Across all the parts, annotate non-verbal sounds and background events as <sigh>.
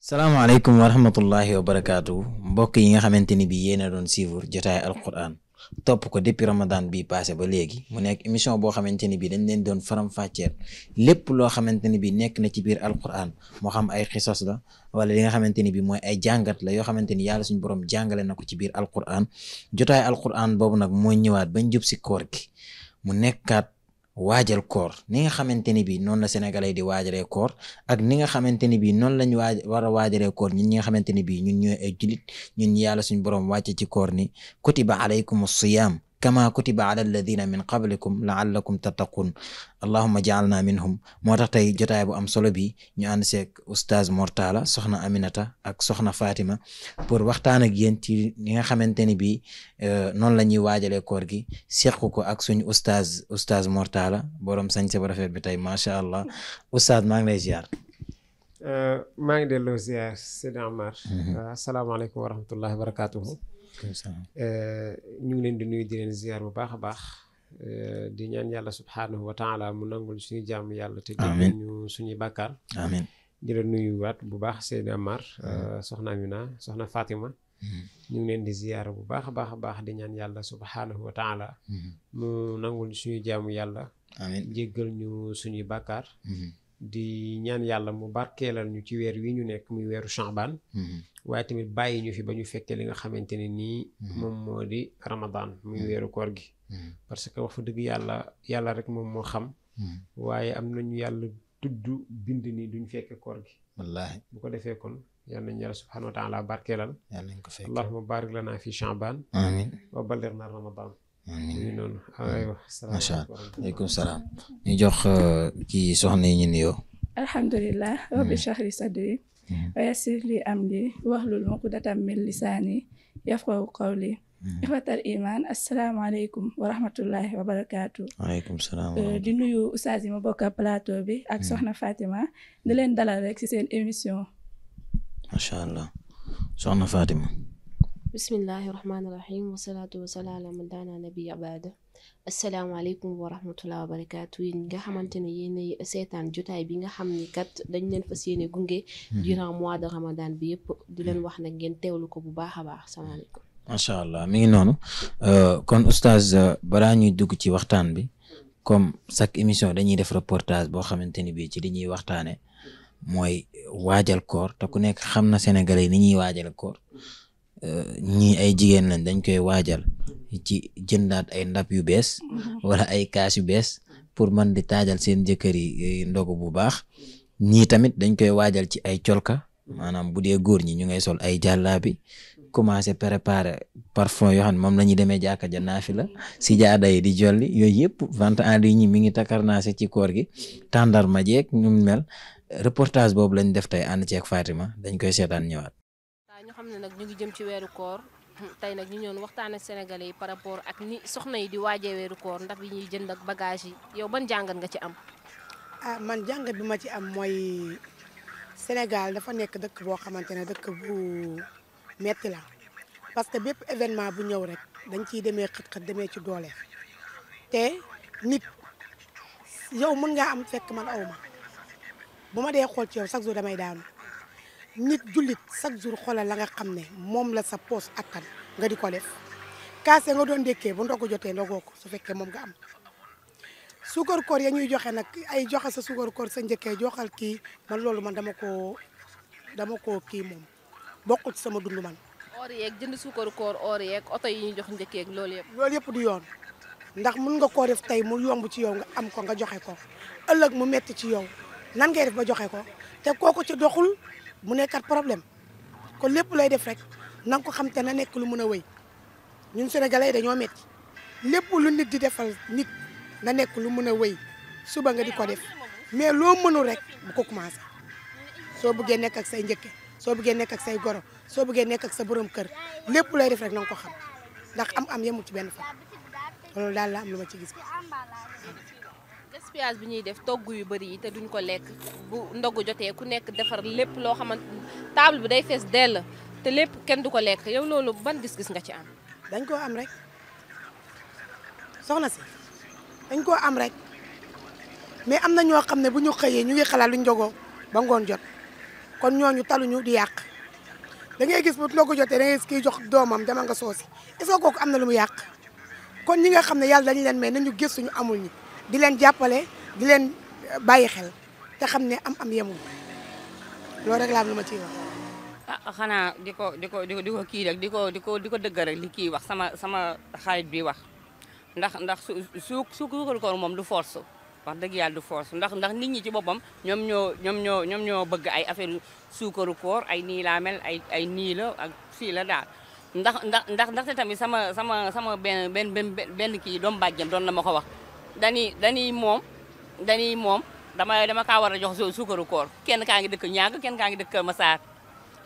salaamaaleykum wa rahmatullahi wa barakaatu mbokk yi nga xamante ni bi yéen a doon suivre jotaay alquran topp ko depuis ramadan bi passé ba léegi mu nekk émission boo xamante ni bi dañ leen doon faram-fàcceel lépp loo xamante ni bi nekk na ci biir alquran moo xam ay xisos la wala li nga xamante ni bi mooy ay jàngat la yoo xamante ni yàlla suñu borom jàngale na ko ci biir alquran jotaay alquran boobu nag moo ñëwaat bañ jub si koor gi mu nekkaat waajal koor ni nga xamante ni bii noonu la sénégalais di waajalee koor ak ni nga xamante ni bii noonu lañ waaj war a waajalee koor ñun ñi nga xamante ni bii ñun ñooy ay julit ñun yàlla suñu borom wàcce ci koor ni kutiba alaykumus siyaam kama kutiba ala alladina min qablikum laallakum tattaqun allahuma jaalna minhum moo tax tey jotaay bu am solo bi ñu ànd seeg oustaz Mortala soxna Aminata ak soxna faatima pour waxtaan ak yéen ci li nga xamante ni bii euh, noonu la ñuy waajalee koor gi seq ko ak suñu oustaz oustaz Mortala borom sañse bu bi tey macha allah oustaz maa ngi lay ziar. Euh, maa ngi delloo Eh, ñu ngi leen di nuyu di leen ziar bu baax a baax. Eh, di ñaan yàlla subhaanahu wa taala mu nangul suñu jàmm yàlla. te jéggal ñu suñuy bàkkaar. di la nuyu waat bu baax Seydou Amar. Mm. Eh, soxna Amina soxna Fatima. Mm. ñu ngi leen di ziyaar bu baax a baax a baax di ñaan yàlla subhaanahu wa taala mm. mu nangul suñu jàmm yàlla. amiin jéggal ñu suñuy bàkkaar. di ñaan yàlla mu barkeelal ñu ci weer wi ñu nekk muy weeru chambaan mhm. waaye tamit bàyyi ñu fi ba ñu fekkee li nga xamante ne nii mhm. moom moo di ramadan muy mhm. weeru koor gi parce que wax fa dëgg yàlla yàlla rek moom moo xam waaye am nañu yàlla tudd bind nii duñ fekkee koor gi wallaahi bu ko defee kon yal nañu yàlla subhaanahu wa taala barkeelal yal nañ ko fekk allahuma barik lana fi chambaan amiin wa ballighna ramadan Ah, macha allah aleykum salaam ñu jox euh, kii soxna yi ñu nuyoo. alhamdulilah rabbi shahri sadri wa yassir li amri wahlul uqdatan min lisaani yafqahu qawli ixwatal iman asalaamaaleykum wa rahmatullahi wa barakaatu. waaleykum salaam euh, di nuyu oustaz yi ma bokk plateau bi ak soxna Fatima di leen dalal rek ci seen émission. macha allah soxna Fatima. bismillahi rahmaani rahim wasalaatu wasalaam ala man daana nabi abada asalaamaaleykum wa rahmatulah wa nga xamante ne yéenay seetaan jotaay bi nga xam ni kat dañ leen fas yéene gunge. Mhm. durant mois de ramadan bi yëpp di leen mhm. wax nag ngeen teewlu ko bu baax a baax salaamaaleykum. macha allah mi ngi noonu euh, kon oustaz euh, balaa ñuy dugg ci waxtaan bi comme chaque émission dañuy def reportage boo xamante ni bii ci li ñuy waxtaanee mooy waajal koor te ku nekk xam na Sénégalais ni ñuy waajal koor. ñii ay jigéen lañ dañ koy waajal ci jëndaat ay ndab yu bees mhm. wala ay kaas yu bees pour man di taajal seen jëkkër yi eh, ndogu bu baax ñii tamit dañ koy waajal ci ay colka maanaam bu dee góor ñi ñu ngay sol ay jàllaabi commencé préparer parfum yoo xam ne moom la ñuy demee jàkka ja naafi la si jaada di jolli yooyu yëpp vente en ligne mi ngi takarnaase ci koor gi tàndarma jeeg ñu mel reportage boobu lañ def tey ànd ceeg Fatima dañ koy seetaan ñëwaat ne nag ñu ngi jëm ci weeru koor tey nag ñu ñoon waxtaan ak sénégalais yi par rapport ak ni soxna yi di waajee weeru koor ndax yi ñuy jënd ak bagage yi yow ban jàngat nga ci am. ah man jàngat bi ma ci am mooy Sénégal dafa nekk dëkk boo xamante ne dëkk bu metti la parce que bépp événement bu ñëw rek dañ ciy demee xët-xët demee ci doole te nit yow mun ngaa am fekk man awma bu ma dee xool ci yow chaque jour damay daanu. nit jullit chaque jour xoolal la nga xam ne moom la sa poos attan nga di ko def kaase nga doon dékkee bu ndogu jotee ndogoo ko su fekkee moom nga am sukar koor ya ñuy joxe nag ay joxe sa sukar sa njëkkee joxal kii man loolu man dama dama koo kii moom bokkul sama dund man. or yeeg jënd sukar koor or yeeg oto yi ñuy njëkkee loolu yëpp. yëpp du yoon ndax mun nga koo def tey mu yomb ci yow nga am ko nga joxe ko ëllëg mu metti ci yow nan ngay def ba joxe ko te kooku ci doxul. mu nekkat problème kon lépp lay def rek na ko xam te na nekk lu mën a wéy ñun sénégalais dañoo metti lépp lu nit di defal nit na nekk lu mun a wéy suba nga di ko def mais loo mënul rek bu ko commencé soo buggee nekk ak say njëkke soo buggee nekk ak say goro soo bëggee nekk ak sa borom kër lépp lay def rek na nga ko xam ndax am am yemul ci benn fan loolu daal la am lu ma ci gis gaspillage bi ñuy def togg yu bëri yi te duñ ko lekk bu ndogu jotee ku nekk defar lépp loo xamante table bi day fees dell te lépp kenn du ko lekk yow loolu ban gis-gis nga ci am. dañ koo am rek soxna si dañ koo am rek mais am na ñoo xam ne bu ñu xëyee ñu ngi xalaat luñ ndogoo ba ngoon jot kon ñooñu taluñu di yàq da ngay gis bu ndogu jotee da ngay kiy jox doomam dama nga soosi est-ce que am na lu mu yàq kon ñi nga xam ne yàlla dañu leen may nañu gis suñu amul ñi. di leen jàppale di leen bàyyi xel te xam ne am am yemul loolu rek am lu ma ciy wax. ah xanaa di ko di ko di ko kii rek di ko di ko di ko dëgg rek li kii wax sama sama xarit bi wax ndax ndax su su su moom du force wax dëgg yàlla du force ndax ndax nit ñi ci boppam ñoom ñoo ñoom ñoo ñoom ñoo bëgg ay affaire suukaru koor ay nii laa ay ay nii la ak fii la daal. ndax ndax ndax ndaxte tamit sama sama sama benn benn benn kii doomu bàjjam doon na ma ko wax. dañuy dañuy moom dañuy moom dama dama kaa war a jox suukaru koor kenn kaa ngi dëkk ñaag kenn kaa ngi dëkk Masaar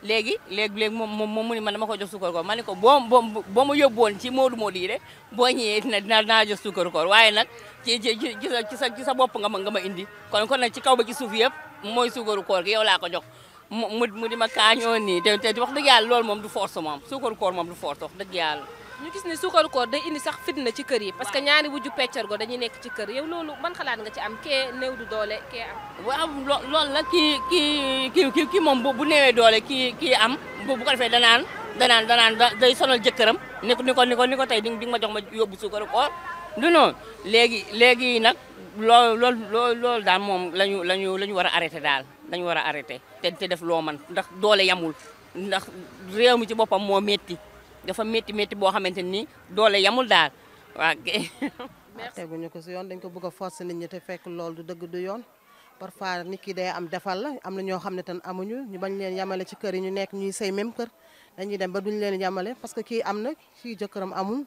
léegi léegi léegi moom moom mu ni man dama ko jox suukaru koor ma ne ko boom boo ma yóbboon ci moodu moodu yi de boo ñëwee dina dinaa jox suukaru koor waaye nag ci ci sa bopp nga ma nga ma indi kon kon nag ci kaw ba ci suuf yëpp mooy suukaru koor gi yow laa ko jox mu mu di ma kaañoo nii te te wax dëgg yàlla loolu moom du force moom suukaru koor moom du force wax dëgg yàlla ñu gis ne suukaru koor day indi sax fitna ci kër yi parce que ñaari wujju peccar go dañuy nekk ci kër yow loolu man xalaat nga ci am ke néew du doole kee am waaw lool la ki kii kii kii kii moom bu néewee doole ki kii am bu ko defee danaan danaan danaan day sonal jëkkëram ni ko ni ko ni ko ni ko tey di nga ma jox ma yóbbu suukaru koor du noonu léegi léegi nag loolu loolu loolu daal moom lañu lañu la ñu war a daal lañu war a arrêté te te def loo man ndax doole yamul ndax réew ci boppam moo metti dafa métti métti boo xamante ni doole yamul daal waaw. <laughs> teguñu ko si yoon dañ ko bëgg a forcer nit ñi te fekk loolu du dëgg du yoon parfois nit ki day am defal la am na ñoo xam ne amuñu ñu bañ leen yamale ci kër yi ñu nekk ñuy sëy même kër dañuy dem ba duñ leen yamale parce que kii am na kii jëkkëram amul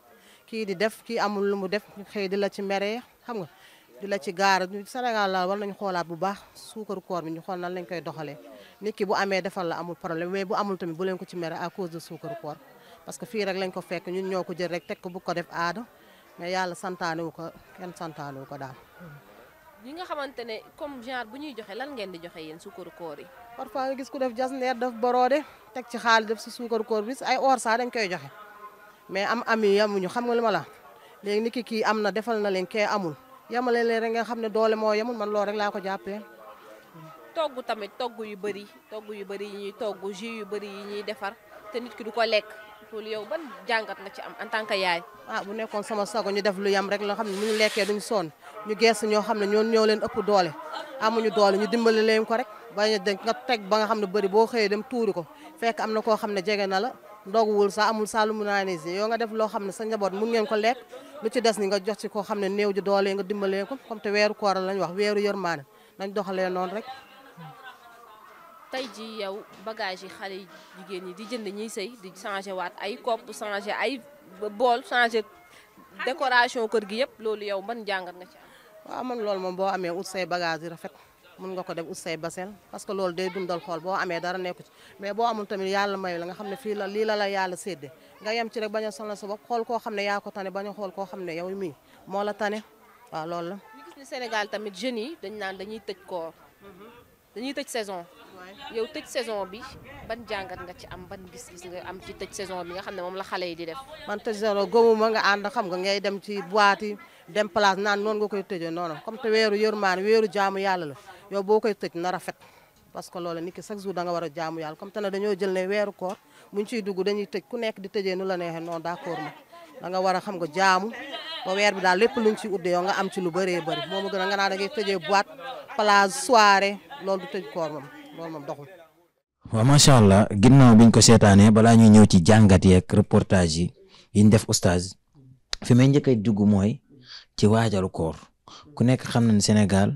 kii di def kii amul lu mu def xëy di la ci meree xam nga la ci gaara Sénégal la war nañu xoolaat bu baax suukaru koor bi ñu xool nan lañ koy doxalee nit ki bu amee defal la amul problème mais bu amul tamit bu leen ko ci mere à cause de suukaru koor parce que fii rek lañ ko fekk ñun ñoo ko jël rek teg ko bu ko def aada mais yàlla santaane wu ko kenn santaane ko daal. ñi nga xamante ne comme genre bu ñuy joxe lan ngeen di joxe yéen suukaru koor yi. parfois nga gis ku def jas neer daf boroode teg ci xaalis def si suukaru koor bi ay or saa dañ koy joxe mais am am yi yamuñu xam nga li ma la léegi nit ki kii am na defal na leen kee amul yamale leen rek nga xam ne doole moo yamul man loolu rek laa ko jàppee. togg tamit togg yu bëri togg yu bëri yi ñuy togg jus yu bëri yi ñuy defar te nit ki du ko lekk. tuul yow ban jàngat nga ci am en tant que yaay. ah bu nekkoon sama sago ñu def lu yam rek loo xam ne bu ñu lekkee duñ sonn ñu geesu ñoo xam ne ñoo ñoo leen ëpp doole amuñu doole ñu dimbali ko rek bañ de nga ba nga xam ne bëri boo xëyee dem tuuri ko fekk am na koo xam ne jege na la ndoguwul sa amul sa lu mu naanee si yow nga def loo xam ne sa njaboot mun ngeen ko lekk lu ci des ni nga jox ci koo xam ne néew ji doole nga dimbalee ko comme te weeru koor lañ wax weeru yërmaane nañ doxalee noonu tey ji yow bagage yi xale jigéen ñi di jënd ñiy sëy di changé waat ay kopp changé ay bool changé décoration kër gi yëpp loolu yow ban jàngat nga ci am. waaw man loolu moom boo amee ut say bagage yi rafet mun nga ko def ut say basel parce que loolu day dundal xool boo amee dara nekku ci mais boo amul tamit yàlla mayu la nga xam ne fii la lii la la yàlla séddee nga yem ci rek bañ a sonal sa bopp xool koo xam ne yaa ko tane bañ a xool koo xam ne yow mii moo la tane waaw loolu la. Sénégal tamit jeunes yi dañ naan dañuy tëj koor dañuy tëj saison. yow tëj saison bi ban jàngat nga ci am ban gis-gis nga am ci tëj saison bi nga xam ne moom la xale yi di def. man tëj saison góobu nga xam nga ngay dem ci boîte yi dem place naan noonu nga koy tëjee noonu comme te weeru yërmaan weeru jaamu yàlla la yow boo koy tëj na rafet. parce que loolu nit ki jour da nga war a jaamu yàlla comme te ne dañoo jël ne weeru koor buñ ciy dugg dañuy tëj ku nekk di tëjee nu la neexee non d'accord ma war a xam nga jaamu ba weer bi daal lépp luñ ciy uddee yow nga am ci lu bëree bëri moom gën a nga naa da ngay tëjee boîte plage soirée loolu du tëj koor moom loolu moom doxul. waaw macha allah ginnaaw biñ ko seetaanee balaa ñuy ñëw ci jàngat yeeg reportage yi yiñ def oustaz fi may njëkk a dugg mooy ci waajalu koor ku nekk xam na ne Sénégal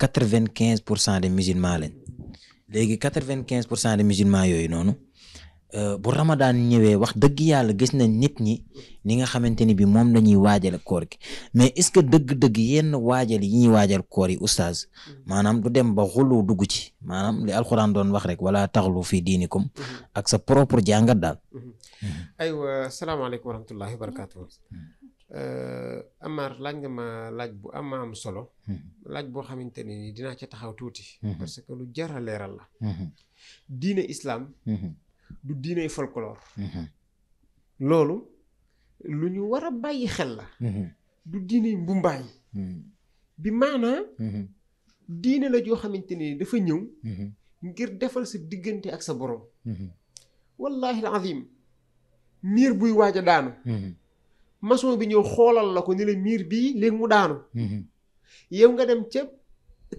quatre vingt quinze pour cent des musulmans lañ léegi quatre vingt quinze pour cent des musulmans yooyu noonu. Euh, bu Ramadan ñëwee wax dëgg yàlla gis nañ nit ñi ni nga xamante ni bi moom la ñuy waajal koor gi mais est-ce que dëgg-dëgg yenn waajal yi ñuy waajal koor yi oustaz maanaam du dem ba xulu dugg ci maanaam li alxuraan doon wax rek wala taxlu fii diinikum ak sa propre jàngat daal. Mm-hmm. aywa salaamaaleykum wa rahmatullahi wa barakaatu. Euh, Amar laaj nga ma laaj bu am solo. Mm-hmm. laaj boo xamante ne ni dinaa ci taxaw tuuti. Mm-hmm. parce que lu jar a leeral la. diine islam. du diiney folklore. Mm-hmm. loolu lu ñu war a bàyyi xel la. Mm-hmm. du diiney mbumbaay. Mm-hmm. bi maanaa. diine la joo xamante ne dafa ñëw. ngir defal sa diggante ak sa borom. wallaahi alazim miir buy waaj a daanu. maçon bi ñëw xoolal la ko ni la miir bii léegi mu daanu. yow nga dem ca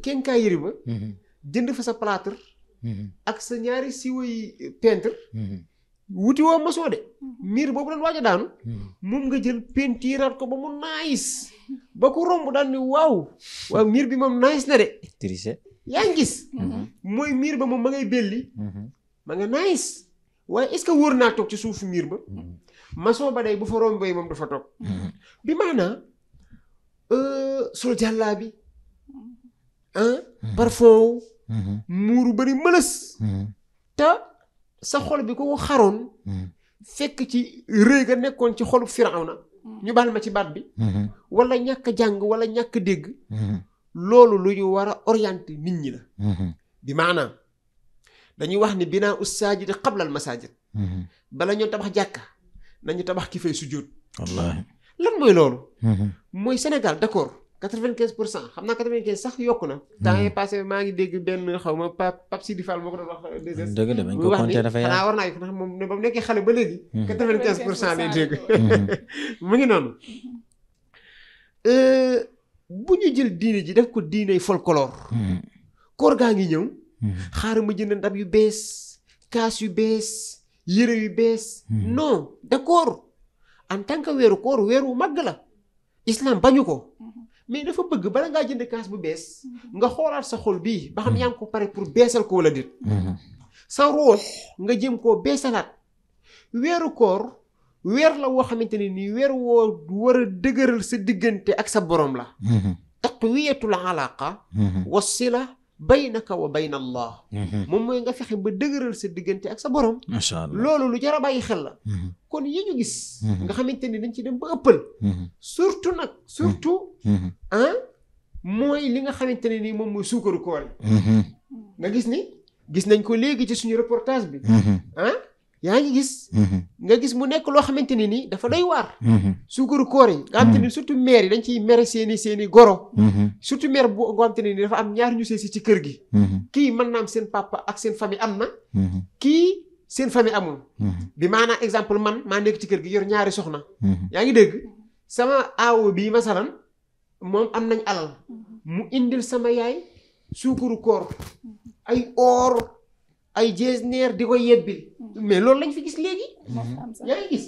kenkaayiri ba. jënd fa sa plâtre. Mm-hmm. ak sa ñaari siwo yi mm-hmm. wuti woo mosoo de. Mm-hmm. miir boobu doon waaj a daanu. moom nga jël peinturaat ko ba mu nice ba ku romb daan ni waaw waaw miir bi moom nice na de. yaa ngi gis. mooy miir ba moom ma ngay belli. ma nga nice waaye est-ce que wóor naa toog ci suufu miir ba. maçon ba day bu fa rombee moom du fa toog. bi maanaa euh, sol jàllaa bi. ah parfum Mm-hmm. muuru bari mëlës mm-hmm. te sa xol bi ko xaroon mm-hmm. fekk ci rëy ga nekkoon ci xolu na ñu baal ma ci baat bi walla ñàkk jàng wala ñàkk dégg loolu lu ñu war a orienté nit ñi la bi maanaa dañuy wax ni binaa ussaajid xablal masaajid bala ñoo tabax jàkka nañu tabax ki fay sujjóot wallaahi lan mooy loolu mooy Sénégal d'accord 95 pour cent xam naa 95 sax yokku na. Hmm. temps yi passé maa ngi dégg benn xaw ma Pape Pape Sidi Fall moo ko doon wax. Euh, dëgg la bañ ko compter dafa yàgg xanaa mu nekkee xale ba léegi. Hmm. Hmm. <laughs> mu ngi noonu. Euh, bu ñu jël diine ji def ko diiney folklore. koor gaa ngi ñëw. xaar ma jënd ndab yu bees kaas yu bees yére yu bees. non d'accord en tant que weeru koor weeru màgg la. islam bañu ko. mais dafa bëgg bala ngaa jënd kaas bu bees mhm. nga xoolaat sa xool bi ba xam mhm. yaa ngi ko pare pour beesal ko wala déet mhm. sa ruux nga jëm koo beesalaat weeru koor weer la woo xamante ne nii weer woo war a dëgëral sa diggante ak sa boroom la taqwiyatul alaqa wasila baynaka wa bayna allah mhm. moom mooy nga fexe ba dëgëral sa diggante ak sa borom macha allah loolu lu jar a bàyyi xel la mhm. kon yi ñu gis mhm. nga xamante ni dañ ci dem ba ëppal surtout nag surtout ah mooy li nga xamante ne nii moom mooy suukaru koor nga gis ni gis nañ ko léegi ci suñu reportage bi ah, yaa ngi gis. Mhm. nga gis mu nekk loo xamante ne nii dafa doy waar. Mhm. suukaru koor yi. nga xamante ne mhm. surtout maire yi dañ ciy mere seeni seeni goro. surtout maire boo nga xamante ne ni dafa am ñaar ñu seesi ci kër gi. kii mën naa am seen papa ak seen famille am na. kii seen famille amul. bi maanaa exemple man maa nekk ci kër gi yor ñaari soxna. yaa ngi dégg sama aawo bii masalan moom am nañ alal mu indil sama yaay suukaru koor ay or. ay gestionnaire di ko yebbil mm-hmm. mais loolu lañ fi gis léegi. yaa ngi gis.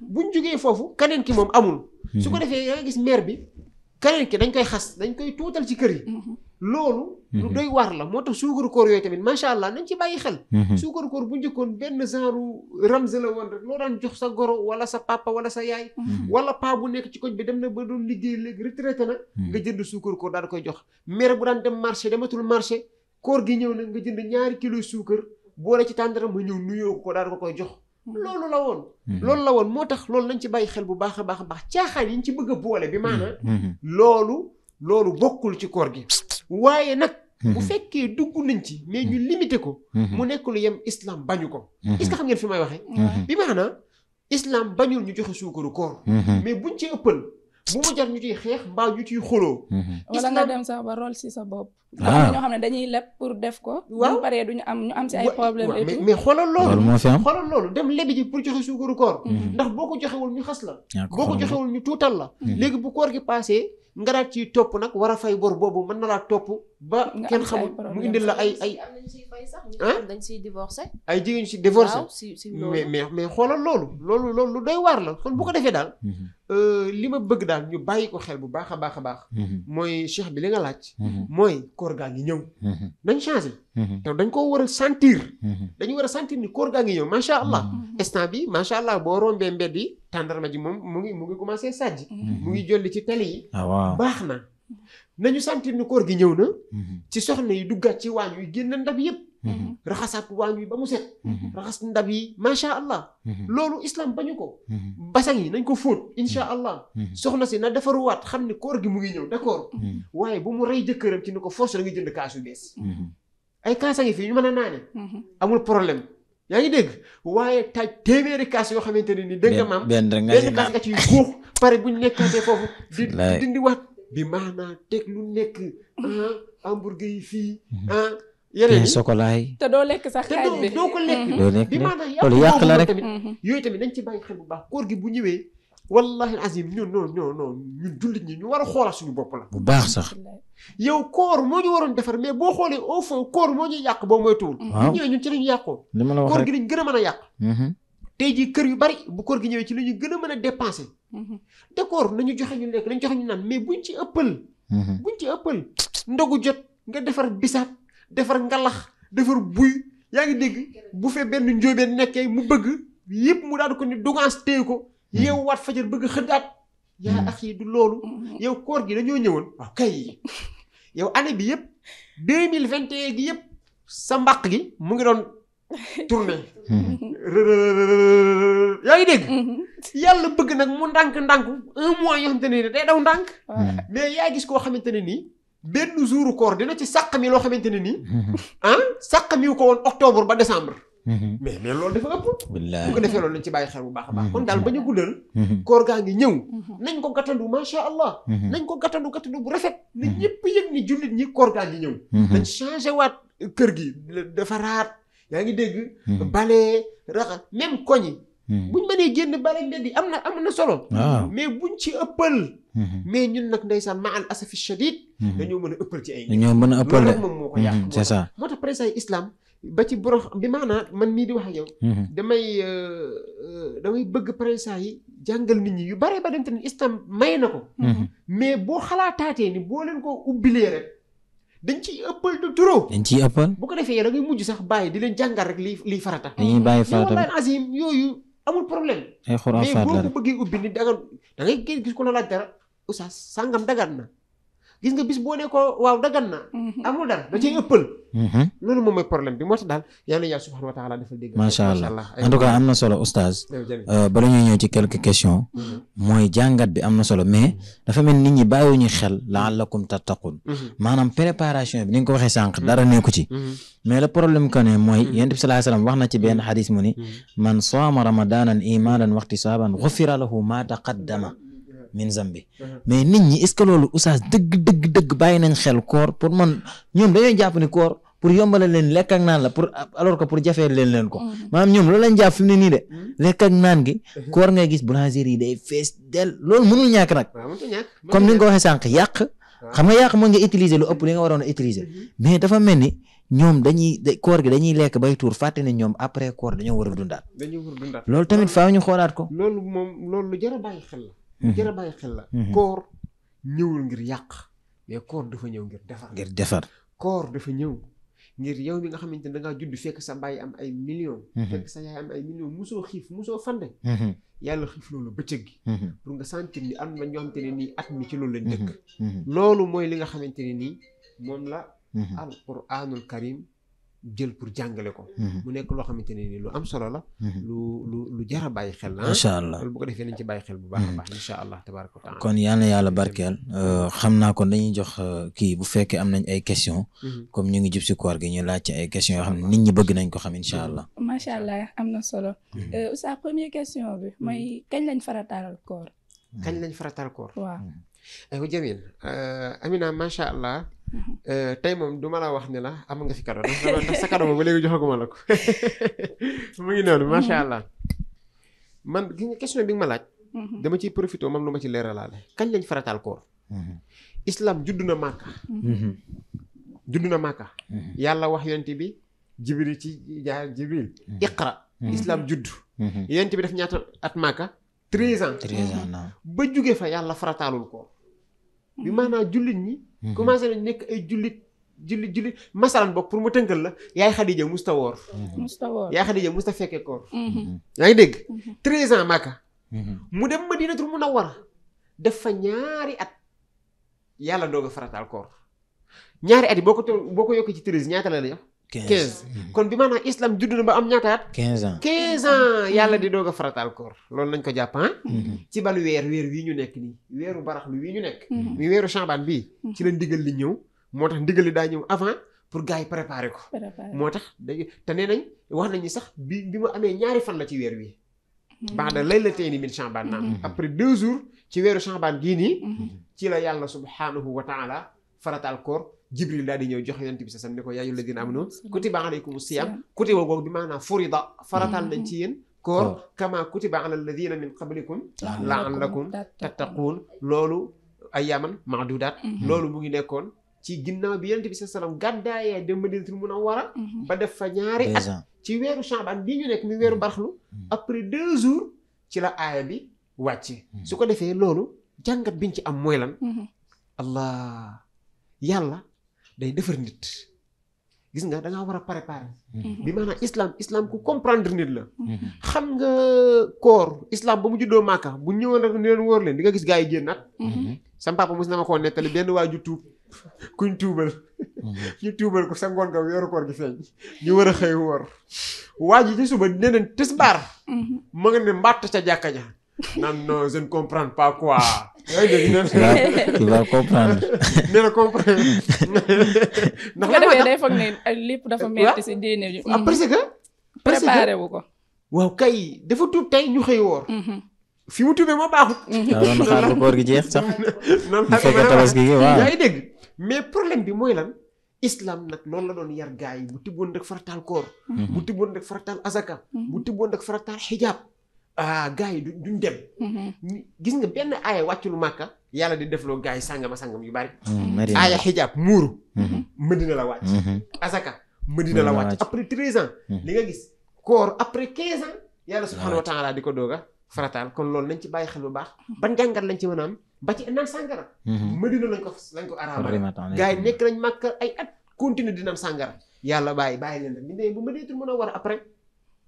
bu ñu jógee foofu keneen ki moom amul. Mm-hmm. su ko defee yaa ngi gis maire bi keneen ki dañ koy xas dañ koy tuutal ci kër yi. Mm-hmm. loolu. lu doy waar la moo tax suukaru koor yooyu tamit macha allah nañ ci bàyyi xel. suukaru koor bu njëkkoon benn genre ramze la woon rek loo daan jox sa goro wala sa papa wala sa yaay. wala paa bu nekk ci koñ bi dem na ba doon liggéey léegi retraité na. nga jënd suukaru koor daal di koy jox. maire bu daan dem marché dematul marché. koor gi ñëw na nga jënd ñaari kilo suukar boole ci tàndara ma ñëw nuyoo ko daal ko koy jox hmm. loolu la woon hmm. loolu la woon moo tax loolu nañ ci bàyyi xel bu baax a baax a baax caaxaan yi ñu ci bëgg a boole bi maana hmm. loolu loolu bokkul ci koor gi waaye nag bu fekkee dugg nañ ci mais ñu limité ko mu nekk lu yem islam bañu ko est-ce que xam ngeen fi may waxee bi maana islam bañul ñu joxe suukaru koor mais buñ ci ëppal bu mu jar ñu ciy xeex mbaa ñu ciy xuloo mhm. wala nga dem sax ba rol si sa bopp ah. am ñoo xam ne dañuy leb pour def ko waaw paree duñu am ñu am si ay problème mais xoolal xoolal loolu dem lebi ji pour joxe suukaru koor mhm. Mhm. ndax boo ko joxewul ñu xas la boo ko joxewul ñu tuutal la léegi bu koor gi passé nga daal ciy topp nag war a fay bor boobu mën na laa topp ba kenn xamul mu indil la ay ay dañ siy divorcé ay jigéen si divorcé mais mais mais xoolal loolu loolu loolu lu doy waar la kon bu ko defee daal Euh, li ma bëgg daal ñu bàyyi ko xel bu baax a baax a baax. Mhm. mooy cheikh bi li nga laaj. Mhm. mooy koor gaa ngi ñëw. Mhm. nañ changé. te dañ koo war a sentir. dañu war a sentir ni koor gaa ngi ñëw macha allah. instant bi macha allah boo rombee mbedd yi tàndarma ji moom mu ngi mu ngi commencé sàjj. mu ngi jolli ci tali yi. Ah, baax na nañu sentir ni koor gi ñëw na. ci soxna yi duggaat ci waañ wi génn ndab yépp Mhm. Mhm. raxasaat waañ wi ba mu set. Mhm. raxas ndab yi macha allah. loolu islam bañu ko. basang yi nañ ko fóot incha allah. soxna si na defaruwaat xam ne koor gi mu ngi ñëw d'accord. waaye bu mu rey jëkkëram ci ni ko foofu la nga jënd kaas yu bees. ay kaasa ngi fii ñu mën a naane. amul problème. yaa ngi dégg waaye taaj téeméeri kaas yoo xamante ni dégg nga maam benn kaas nga ci guux pare buñ nekkaatee foofu di <laughs> dindi waat bi maanaa teg lu nekk ah hamburger yi fii ah, yére yi chocolat yi te doo lekk sax xaaj bi te doo ko lekk bi maanaam loolu yàq la rek yooyu tamit dañ ci bàyyi xel bu baax koor gi bu ñëwee wallahi azim ñun non non non ñun jullit ñu war a xoolal suñu bopp la bu baax sax yow koor moo ñu waroon defar mais boo xoolee au fond koor moo ñuy yàq boo moytuwul waaw ñëwee ñun ci lañu yàqoo koor gi lañ gën a mën a yàq mm-hmm. tey jii kër yu bari bu koor gi ñëwee ci la ñu gën a mën a dépenser d'accord mm-hmm. nañu joxe ñu lekk nañu joxe ñu naan mais buñ ci ëppal mm-hmm. buñ ci ëppal ndogu jot nga defar bisaab defar ngalax defar buy yaa ngi dégg bu fee benn njóobeen nekkee mu bëgg yëpp mu daal ko ni dugaas téye ko hmm. yeewu waat fajar bëgg xëddaat hmm. yaa ax yi du loolu hmm. yow koor gi dañoo ñëwoon waaw kay yow année bi yëpp deux mille vingt et un gi yëpp sa mbaq gi mu ngi doon tourné yaa ngi dégg yàlla bëgg nag mu ndànk ndànk un mois yoo xamante ne nii day daw ndànk mais yaa gis koo xamante ne nii benn jouru koor dina ci sàq mi loo xamante ne nii. ah sàq mi ko woon octobre ba decembre mais mais loolu dafa ëpp. wallaahi bu defee loolu nañ ci bàyyi xel bu baax a baax. kon daal bañ a guddal. koor gaa ngi ñëw. nañ ko gàttandu macha allah. nañ ko gàttandu gàttandu bu rafet. na ñëpp yëg ni jullit ñi koor gaa ngi ñëw. nañ changé waat kër gi dafa yaa ngi dégg. bale raxas même koñi Hmm. buñ mënee génn bari mbedd am na am na solo. mais buñ ci ëppal. Hmm. mais ñun nag ndeysaan ma al asafi hmm. dañoo mën a ëppal ci ay. dañoo mën a ëppal de moom moo ko yàq. c'est ça moo tax président islam ba ci borom bi maanaa man mii di wax yow. damay euh, euh, damay bëgg président yi jàngal nit yu bare ba dem tamit may na ko. mais boo xalaataatee ni boo leen ko ubbilee dañ ciy ëppal du trop. dañ ciy bu ko defee da ngay mujj sax bàyyi di leen jàngal rek lii lii farata. dañuy bàyyi farata bi yow amul problème. ay xuraasaat la mais boo ko bëggee ubbi ni dagan da ngay gis ko la laaj dara oustaz sàngam dagan na. gis nga bis boo ne ko waaw dagan na mhm. amul dara da cay mhm. ëppal mhm. loolu moom mooy problème bi moo tax allah en tout am na solo oustaz euh, bala ñuy ñëw ci quelques questions mooy jàngat bi am na solo mais dafa mel nit ñi bàyyiwuñu xel laallakum tattaqun maanaam préparation bi ni nga ko waxee sànq dara nekku ci mais le problème que ne mooy yonent bi sallallahu alayhi wasallam na ci benn xadis mu ni man saama ramadanan imanan waxtisaaban xufira lahu ma taqaddama min zambi mhm. mais nit ñi est-ce que loolu oustaz dëgg dëgg dëgg bàyyi nañ xel koor pour man ñoom dañoo jàpp ni koor pour yombale leen lekk ak naan la pour alors que pour jafee leen leen ko mhm. maanaam ñoom loolu lañ jàpp nii de mhm. lekk ak naan gi koor gis boulangerie yi day fees del loolu mënul ñàkk nag comme ni nga ko waxee sànq yàq xam nga yàq moo nga utiliser lu ëpp li nga waroon a utiliser mais dafa mel ni ñoom dañuy koor gi dañuy lekk bay tuur fàtte ñoom après koor dañoo war a dundaat loolu tamit faaw ñu xoolaat ko loolu moom loolu lu jar la jërë mhm. bàyyi xel la mhm. koor ñëwul ngir yàq mais koor dafa ñëw ngir defar ngir defar koor dafa ñëw ngir yow mi nga xamante ne dangaa juddu judd fekk sa baay am ay million mhm. fekk sa yaay am ay million musoo xiif musoo fande yàlla xiif loolu bëccëg gi pour nga sentir ni am na ñoo xamante ne nii at mi ci loolu lañ dëkk loolu mooy li nga xamante ne nii moom la al quraanul karim jël pour jàngale ko. Mhm. mu nekk loo xamante ne ni lu am solo la. Mhm. lu lu lu jar a bàyyi xel la. incha ah. allah bu ko defee nañ ci bàyyi xel a mhm. baax. incha allah tabaaraka wa taala kon yal na yàlla barkeel euh, xam naa kon dañuy jox euh, kii bu fekkee am nañ ay questions. ñu ngi jub si koor gi ñu laaj ci ay questions yoo xam ne nit ñi bëgg nañ ko xam incha allah. macha allah am na solo. Euh, Oustaz première question bi mooy kañ lañ farataal koor. kañ lañ farataal koor. waaw. Eh, aywa Amina macha allah. Eh, tey moom duma ma la wax ne la am nga si kado ndax sa kado moom ba léegi joxaguma la ko <laughs> mu ngi noonu macha allah man gi nga question bi nga ma laaj. dama ciy profité moom lu ma ci leeralaale kañ lañ farataal koor. islam judd na Màkka. judd na Màkka. yàlla wax yonent bi jibril ci jaar jibril iqra islam judd. yonent bi def ñaata at Màkka. 13 ans 13 ba jóge fa yàlla farataalul koor. bi maanaam jullit ñi. Mhm. commencé nañ nekk ay jullit jullit jullit masalan bokk pour mu tënkal la yaay Xadija musta woor. Mhm. musta woor yaay Xadija musta fekkee koor. Mhm. yaa ngi dégg. 13 ans Màkka. mu dem Madinatul Munawwara def fa ñaari at yàlla doog a farataal koor ñaari at yi boo ko boo ko yokkee ci 13 ñaata la la jox. 15 mm-hmm. kon bi maanaam islam judd na ba am ñaataat. 15 ans 15 ans yàlla di doog a farataal koor loolu nañ ko jàpp ah? mm-hmm. ci ban weer weer wii ñu nekk nii weeru baraxlu wii ñu nekk. Mm-hmm. muy weeru chambane bi ci la ndigal li ñëw moo tax ndigal li daa ñëw avant pour gars yi préparer ko. moo tax dañuy te nee nañ wax nañu sax bi bi mu amee ñaari fan la ci weer wi. baax na lay la tey ni min chambane naan. après deux jours ci weeru chambane gii nii. ci la yàlla subhanahu wa taala farataal koor. jibril daal di ñëw jox yonent bi sa sam ne ko yaa ayyuhal lazina amanu kutiba alaykumu siyam kutiba googu bi maanaam furida farataal nañ mm-hmm. ci yéen koor kama kutiba ala alladina min qablikum laallakum tattaquun loolu ayaaman maadudaat mm-hmm. loolu mu ngi nekkoon ci ginnaaw bi yonent bi sa salam gàddaayee dem Madinatul Munawwara mm-hmm. ba def fa ñaari at ci weeru Shaaban bi ñu nekk mi weeru baraxlu après deux jours ci la aaya bi wàcc su ko defee loolu jàngat biñ ci am mooy lan allah yàlla day defar nit gis nga da ngaa war a préparer. Mhm. bi maanaam islam islam ku comprendre nit la. Mhm. Mhm. xam nga koor islam ba mu juddoo Màkka bu ñëwoon rek ne leen wóor leen di nga gis gaa yi génnaat. sam papa mos na ma koo nettali benn waaju tuub kuñ tuubal. <laughs> ñu tuubal ko sa ngoon nga weeru koor gi feeñ. ñu war a xëy woor. waa ji ci suba nee nañ tisbaar. ma nga ne mbàtt ca jàkka ja. naan non je ne comprends quoi. tu vas comprendre. dina comprendre. ndax bu ko defee day foog ne lépp dafa metti si diine ji. ah parce que. préparé wu ko. waaw kay dafa tuub tey ñu xëy woor. fi mu tuubee moo baaxut. waaw doon xaar ba koor gi jeex sax. noonu la fekk tabaski gi waaw yaa ngi dégg. mais problème bi mooy lan. islam nag loolu la doon yar gaa yi bu tibboon rek farataal koor. Mm-hmm. bu tibboon rek farataal azaka. Mm-hmm. bu tibboon rek farataal xijaab. ah gars yi duñ dem. Mm-hmm. gis nga benn aaya wàccul màkka yàlla di defloo gars yi sàngama sàngam yu bari. Mm, mm-hmm. aaya xijaab muuru. Mm-hmm. Medina la wàcc. Azaka Medina la wàcc après treize ans. li nga gis koor après quinze ans. yàlla subhanahu wa taala di ko dooga farataal kon loolu nañ ci bàyyi xel bu baax. ban lañ ci mën a ba ci naan sàngara. Medina lañ ko lañ ko araamal. gars yi nekk nañ màkka ay at continue di naan sàngara. yàlla bàyyi bàyyi leen rek bu dee bu Medinatul mën a war après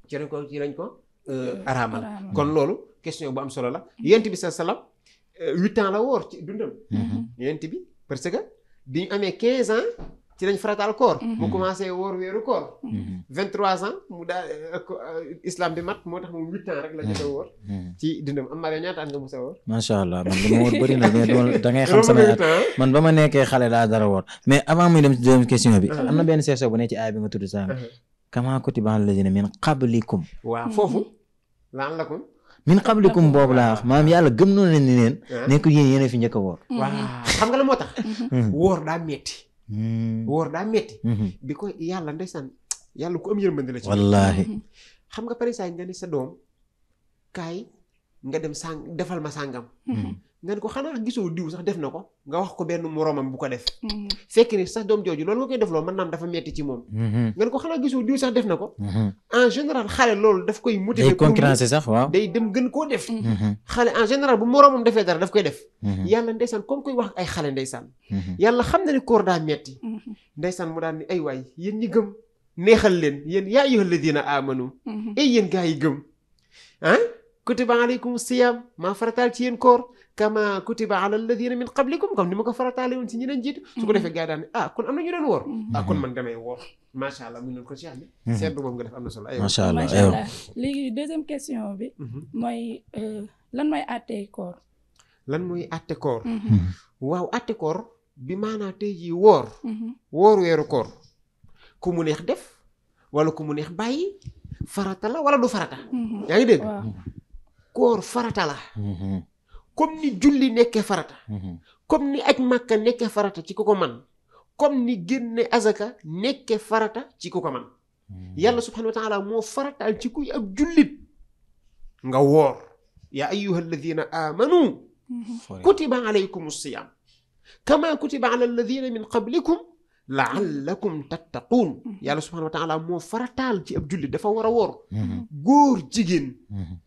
ci lañ ko ci lañ ko. Euh, araamal kon loolu question bu am solo la mhm. yent bi sa salaam euh, huit ans la woor ci dundam mhm. yent bi parce que bi ñu amee quinze ans ci lañ farataal koor mhm. mu commencé woor weeru koor vingt trois ans mu daal euh, islam bi mat moo tax mu huit ans rek la jot woor ci dundam am mario ñaata at nga musa macha allah man dama na mais da ngay xam sama man ba nekkee xale daa dara woor mais avant muy dem ci deuxième question bi am na benn seesoo bu ne ci aay bi nga tudd sànq kama kutiba alladina min qablikum waaw foofu lan lakum min qablikum boobu laa maam yàlla gëm noonu leen ni leen. Ah. nekk yéen yéen fi njëkk a woor. Mm-hmm. waaw xam nga la moo tax. Mm-hmm. Mm-hmm. woor daa metti woor daa metti bi ko yàlla ndeysaan yàlla ku am yërmande la ci. wallaahi. xam nga par saa nga ni sa doom kaay nga dem sàng defal ma sàngam. nga ne ko xanaa gisoo diw sax def na ko nga wax ko benn moroomam bu ko def. Mhm. fekk ni sax doom jooju loolu nga koy def loolu mën naam dafa metti ci moom. Mhm. nga ne ko xanaa gisoo diw sax def na ko. Mhm. en général xale loolu daf koy. motiver day concurrencer sax day dem gën koo def. xale en général bu moroomam defee dara daf koy def. yàlla ndeysaan comme koy wax ay xale ndeysaan. yàlla xam na ne koor daa metti. ndeysaan mu daal ni ay waay yéen ñi gëm neexal leen yéen yaa ayyuha alladina amanu. ay yéen gaa yi gëm ah kutiba alaykum siyam maa farataal ci yéen koor kama kutiba ala alladina min qablikum comme ni ma ko farataale woon si ñi leen jiitu su ko defee gars yi daan ne ah kon woor woor ko Cheikh bi seetlu boobu nga def am na solo macha allah léegi deuxième question bi mooy lan mooy àttee lan mooy àtte koor bi maanaa tey jii woor woor weeru koor ku mu neex def wala ku mu neex bàyyi farata la wala du farata yaa ngi dégg koor farata la comme ni julli nekkee farata. Mhm. comme ni aj màkka nekkee farata ci ku ko man comme ni génne azaka nekkee farata ci ku ko man mhm. yàlla subhanahu wa moo farataal ci kuy ab jullit nga woor yaa ayuha alladina amanu kutiba alaykum alsiyaam kama kutiba ala alladina min qablikum mhm. yàlla subhanahu wa moo farataal ci ab jullit dafa war a woor góor jigéen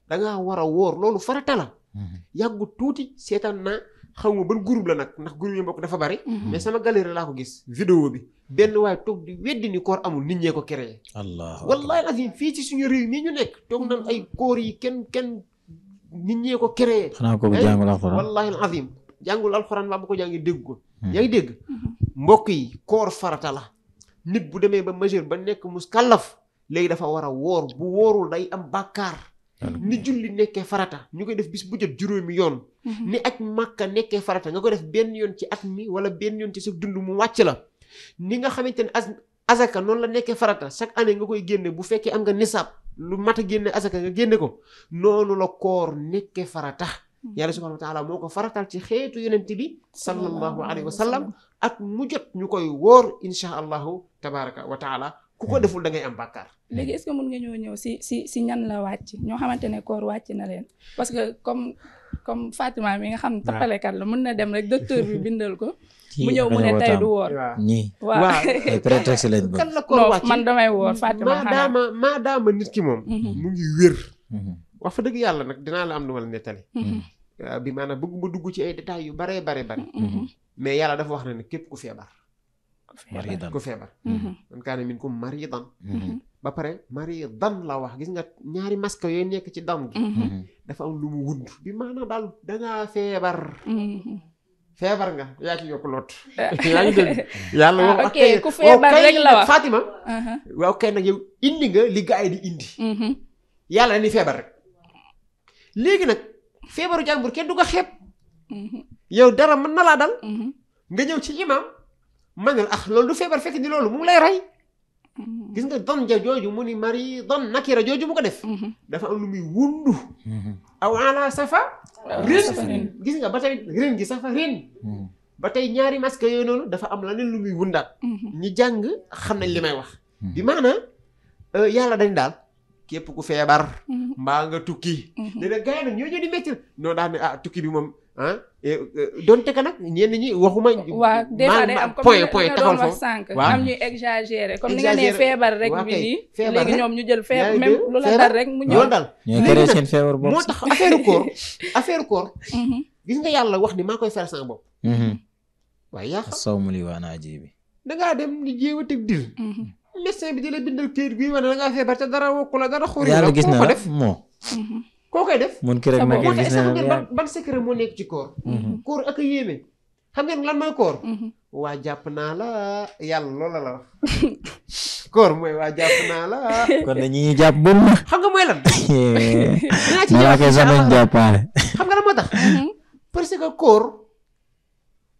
da ngaa war a woor loolu farata Mm-hmm. yàggut tuuti seetaan naa xaw ma ban groupe la nag ndax groupe yi mbokk dafa bari. Mm-hmm. mais sama galerie laa ko gis. video bi benn waaye toog di weddi ni koor amul nit ñee ko créé. allah wallahi fii ci suñu réew mii ñu nekk. toog nañ ay koor yi kenn kenn nit ñee ko créé. xanaa ko bu eh? jàngul alxuraan wallahi lazim jàngul alxuraan ba bu ko jàngee dégg ko. Mm-hmm. yaa ngi dégg mbokk yi koor farata la. nit bu demee ba majeur ba nekk muskallaf léegi dafa war a woor bu woorul day am bàkkaar. ni julli nekkee farata ñu koy def bis bu jot juróomi yoon mhm. ni aj màkka nekkee farata nga ko def benn yoon ci at mi wala benn yoon ci sa dund mu wàcc la ni nga xamante ne azaka noonu la nekkee farata chaque année nga koy génne bu fekkee am nga nisaab lu mat a génne azaka nga génne ko noonu la koor nekkee farata mhm. yàlla subhanahu wa moo ko faratal ci xeetu yonent bi sallallahu alayhi wa sallam at mu jot ñu koy woor insha allahu tabaraka wa ku ko hmm. deful da ngay am bàkkaar. léegi est-ce que mën nga ñoo ñëw si si si ñan la wàcc ñoo xamante ne koor wàcc na leen parce que comme comme Fatima mi nga xam. tappalekat la mën na dem rek docteur bi bindal ko. <laughs> mu ñëw mu ne tey du woor. ñii waaw <laughs> ay prétexte lañ bëgg. la koor wàcc man damay woor Fatima. xanaa maadaama nit ki moom. Mhm. mu ngi wér. Mhm. wax fa dëgg yàlla nag dinaa la am lu ma la nettali. Mhm. bi maanaam bëgg dugg ci ay détails yu baree bare bare. mais yàlla dafa wax na ne képp ku feebar. maridan ku feebar man mhm. mhm. kaana minkum maridan mhm. ba pare maridan la wax gis nga ñaari masque yooyu nekk ci dam gi dafa am lu mu wund bi maanaam daal dangaa feebar feebar nga yaa ci yokk loot <laughs> yaa ah, la wax Fatima uh-huh. waaw kay nag yow indi nga li gaa yi di indi yàlla ni feebar rek léegi nag feebaru jàmbur kenn du ko xeeb yow dara mën na laa dal nga ñëw ci imam ma ne ah loolu du feebar fekk ni loolu mu ngi lay rey. Mm-hmm. gis nga don ja jooju mu ni mari don nakira jooju mu ko def. Mm-hmm. dafa am lu muy wundu. Mm-hmm. aw ala safa. gis nga ba tey ren gi safa ren. ba tey ñaari masque yooyu noonu dafa am leneen lu muy wundaat. ñi jàng xam nañ li may wax. bi maanaam euh, yàlla dañ daal. képp ku feebar. mbaa nga tukki. léeg-léeg gars nag ñoo ñoo di métti. non daa ne ah, tukki bi moom ah, Eh, eh, donte que nag ñenn ñi waxuma. waaw déjà day am point point taxawal foofu waaw am ñuy exagéré comme ni nga nee feebar rek bi nii. léegi ñoom ñu jël feebar même lu la dal moo tax affaire koor <laughs> affaire koor. Mhm. gis nga yàlla wax ni maa koy fere sama bopp. Mhm. waaye yaa xam saw mu li waan aji bi. dem ni jéew a teg dil. Mhm. médecin bi di la bindal kër gi wane da feebar te dara wokku dara. xur yi gis na moo. koo def. mun ki rek nag gis naa ne ban ban secret moo nekk ci koor. Mm-hmm. koor ak a yéeme. xam ngeen mm-hmm. jàpp naa la yàlla loola la wax. <laughs> koor waa jàpp naa la. <laughs> kon dañuy jàpp bu ma. xam nga mooy lan. <laughs> dinaa ci ñëwaat si xam nga moo tax. Mm-hmm. parce que koor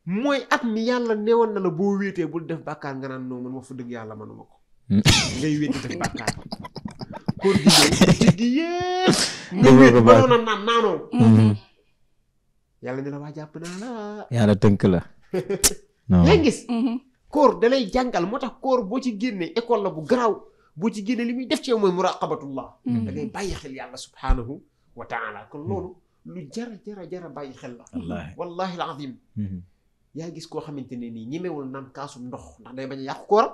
mooy at yàlla newoon na la boo wéetee bul def bàkkaar nga naan noo man wax fa dëgg yàlla manuma ko. ngay wéete def bàkkaar. kóor gi ñëw gi yëpp. <laughs> naan naanoo. Mm-hmm. yàlla la waa jàpp naa la. yàlla tënk la. <laughs> non yaa gis. Mm-hmm. kóor da jàngal moo tax koor boo ci génne école la bu garaaw boo ci génnee li muy def ci yow mooy muraqabatullah. Mm-hmm. da ngay bàyyi xel yàlla subhaanahu wa taala kon lu jara jara jara bàyyi xel yaa gis koo xamante ne nii ñemewul naan kaasum ndox ndax day bañ a yàqu kóoram.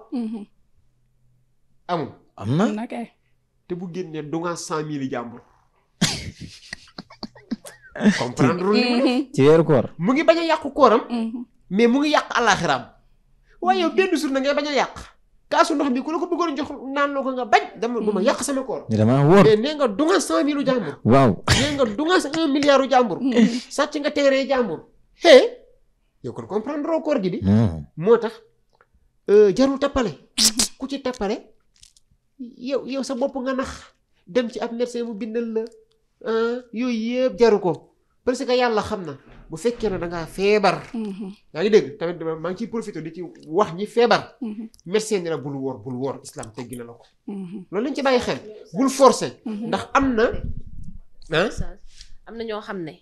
amul am na te bu génnee dunga cent mille jàmbur. <laughs> comprendre lu mhm. mu ngi bañ a yàq kooram. Mhm. mais mu ngi yàq àllaaxiraam. waaye yow mhm. benn suur na ngay bañ a yàq. kaasu ndox bi ku la ko bëggoon jox naan loo ko nga bañ. dama du ma yàq sama koor. dama mais nee nga dunga cent mille jàmbur. waaw nee nga dunga un milliard u jàmbur. sàcc nga teeree jàmbur. hey yow kon comprendre loo gi di. moo tax euh, jarul tappale. ku ci tappale. yow yow sa bopp nga nax dem ci ab médecin mu bindal la ah, yooyu yëpp jaru ko parce que yàlla xam na bu fekkee ne da ngaa feebar. Mhm. yaa ngi dégg tamit maa ngi ciy profité di ci wax ñi feebar. Mhm. médecin dina bul woor bul woor islam la ko. Mhm. loolu lañ ci bàyyi xel bul forcé ndax am na ah. na ñoo xam ne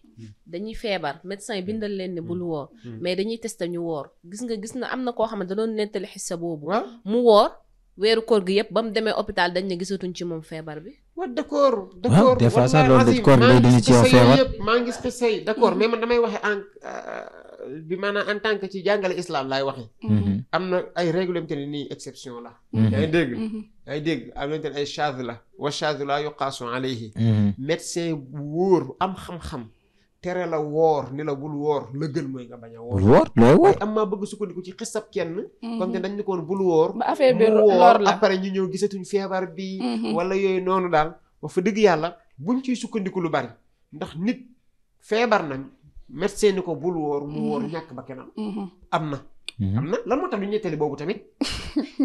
dañuy feebar médecin bindal leen ne bul woor mais dañuy testé ñu woor gis nga gis na am na koo xam ne da doon nettali xissa boobu ah? mu woor weeru koor gi yëpp ba mu demee hôpital dañ ne gisatuñ ci moom feebar bi. waaw d' accord d' accord des fois sax loolu koor lay dañu ci yow feebar maa ngi spécial d' accord mais man damay waxe en euh, bi maanaam en tant que ci jàngale islam laay waxe mm-hmm. am na ay réglementé ni nii exception la. Mm-hmm. yaa ngi dégg. Mm-hmm. yaa dégg am nañu ay charge la wa charge la yuqaasu alayhi médecin bu wóor am xam-xam. tere la woor ni la bul woor la gën mooy nga bañ a woor. bul woor nooy woor am maa bëgg sukkandiku ci xisab kenn. Mhm. comme te dañ ne koon bul woor. ba affaire bi woor ñu ñëw gisatuñ feebar bi. Mhm. wala yooyu noonu daal wax fa dëgg yàlla buñ ciy sukkandiku lu bari ndax nit feebar nañ médecin ni ko bul woor mhm. ñàkk ba kenam am na. am na lan moo tax ñu nettali boobu tamit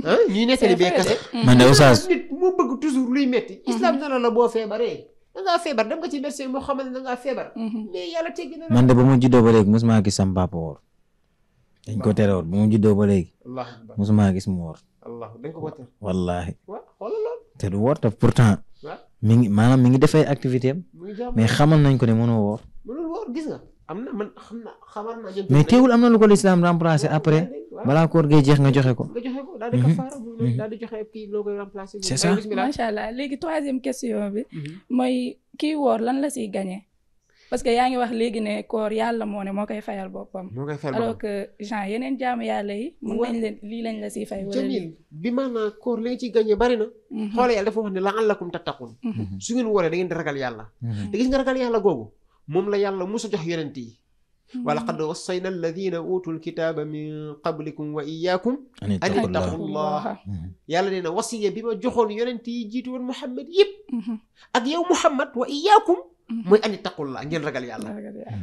ah <laughs> ñuy nettali bee kase. man de oustaz nit moo bëgg toujours luy metti islam dana la boo feebaree. dangaa feebar dem nga ci médecin mhm. ba mu juddoo ba léegi mosuma gis sama ba mu juddoo ba léegi. mosuma gis mu woor. dañ ko ko tere wallaahi. te du woor te pourtant. mi ngi maanaam mi ngi def ay activité am. mais xamal nañ ko ne mënoo woor. mënul woor gis nga am na man xam na xamal na. mais teewul am na lu ko lislaam remplacé après. balaa koor gay jeex nga joxe ko. nga joxe ko daal di mhm. kafaara mhm. daal di joxe kii loo koy remplacer. allah léegi troisième question bi. Mhm. mooy kii woor lan la si gagné. parce que yaa ngi wax léegi ne koor yàlla moo ne moo koy fayal boppam. moo koy fayal boppam alors que gens yeneen jaamu yàlla yi. mun nañ lii lañ la si fay. wala lii bi maanaam koor li nga ciy gagné bari na. xoolal yàlla dafa wax ne la allakum tattaqun. su ngeen wooree da ngeen di ragal yàlla. te gis nga ragal yàlla googu moom la yàlla musa jox yonent yi walaqad wassayna alladina utul kitaaba min qablikum wa iyaakum an ittaqullah yàlla nee na wasiya bi ma joxoon yonent yi jiitu woon muhammad yëpp mm-hmm. ak yow muhammad wa iyaakum mm-hmm. mooy an ittaqullah ngeen ragal yàlla